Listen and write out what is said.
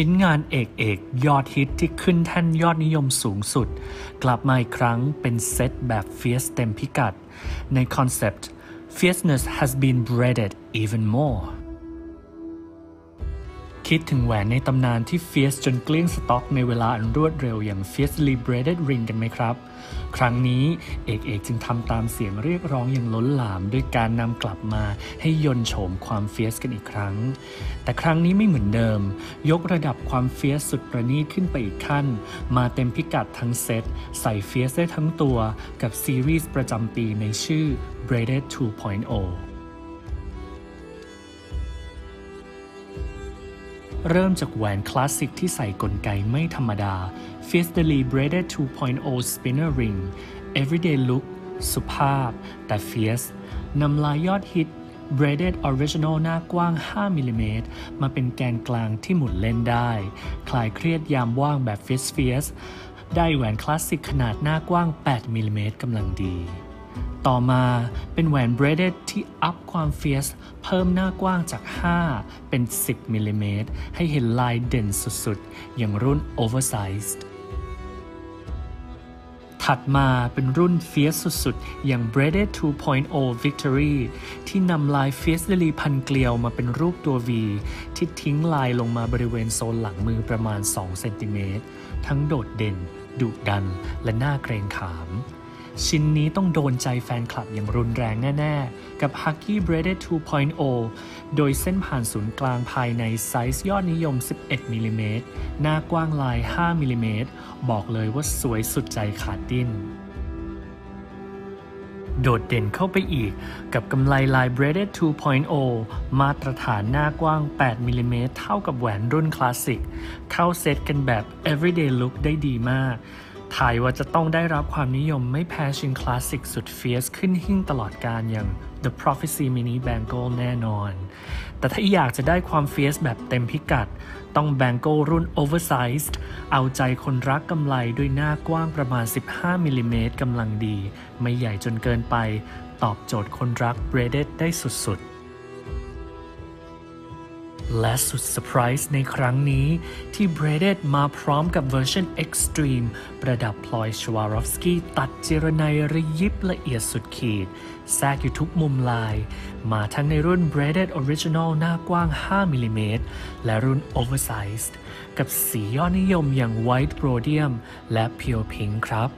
ชิ้นงานเอกเอกยอดฮิตที่ขึ้นแท่นยอดนิยมสูงสุด กลับมาอีกครั้งเป็นเซตแบบเฟียสเต็มพิกัด ในคอนเซปต์ Fierceness has been bred even more คิดถึงแหวนในตำนานที่เฟียสจนเกลี้ยงสต็อกในเวลาอันรวดเร็วอย่าง Fierce l i b r a t e d Ring กันไหมครับ ครั้งนี้เอกเอก จึงทำตามเสียงเรียกร้องอย่างล้นหลามด้วยการนำกลับมาให้ยนโฉมความเฟียสกันอีกครั้ง แต่ครั้งนี้ไม่เหมือนเดิม ยกระดับความเฟียสสุดประณีตขึ้นไปอีกขั้น มาเต็มพิกัดทั้งเซตใส่เฟียสได้ทั้งตัวกับซีรีส์ประจำปีในชื่อ Braided 2.0เริ่มจากแหวนคลาสสิกที่ใส่กลไกไม่ธรรมดา f i e t c e l y Braided 2.0 Spinner Ring Everyday Look สุภาพ แต่ fierce นำลายยอดฮิต Braided Original หน้ากว้าง 5 มิลิเมตรมาเป็นแกนกลางที่หมุนเล่นได้ คลายเครียดยามว่างแบบ f i e r fierce ได้แหวนคลาสสิกขนาดหน้ากว้าง 8 มิลิเมตรกำลังดีต่อมาเป็นแหวนเบรดเดที่อัพความเฟียสเพิ่มหน้ากว้างจาก 5 เป็น 10มิลิเมตรให้เห็นลายเด่นสุดๆ อย่างรุ่น Oversized ถัดมาเป็นรุ่นเฟียสสุดๆ อย่าง Braided 2.0 Victory ที่นำลายเฟียสลิลีพันเกลียวมาเป็นรูปตัว V ที่ทิ้งลายลงมาบริเวณโซนหลังมือประมาณ 2 เซนติเมตร ทั้งโดดเด่นดุดันและน่าเกรงขามชิ้นนี้ต้องโดนใจแฟนคลับอย่างรุนแรงแน่ๆ กับ h u c k y b r a d e d 2.0 โดยเส้นผ่านศูนย์กลางภายในไซส์ยอดนิยม 11 มิลิเมตร หน้ากว้างลาย 5 มิลิเมตร บอกเลยว่าสวยสุดใจขาดดิ้น โดดเด่นเข้าไปอีก กับกำไลลาย braided 2.0 มาตรฐานหน้ากว้าง 8 มิลิเมตรเท่ากับแหวนรุ่นคลาสสิก เข้าเซตกันแบบ everyday look ได้ดีมากทายว่าจะต้องได้รับความนิยมไม่แพ้ชิ้นคลาสสิกสุดเฟียสขึ้นหิ้งตลอดการอย่าง The Prophecy Mini Bangle แน่นอน แต่ถ้าอยากจะได้ความเฟียสแบบเต็มพิกัด ต้อง Bangle รุ่น Oversized เอาใจคนรักกำไลด้วยหน้ากว้างประมาณ 15 มิลิเมตรกำลังดี ไม่ใหญ่จนเกินไป ตอบโจทย์คนรัก braided ได้สุด ๆและสุดเซอร์ไพรส์ในครั้งนี้ ที่ Braided มาพร้อมกับเวอร์ชัน Extreme ประดับพลอยชวารอฟสกี้ตัดเจรไนระยิบละเอียดสุดขีดแทรกอยู่ทุกมุมลาย มาทั้งในรุ่น Braided Original หน้ากว้าง 5มิลิเมตรและรุ่น Oversized กับสียอดนิยมอย่าง White Rhodium และ Pure Pink ครับ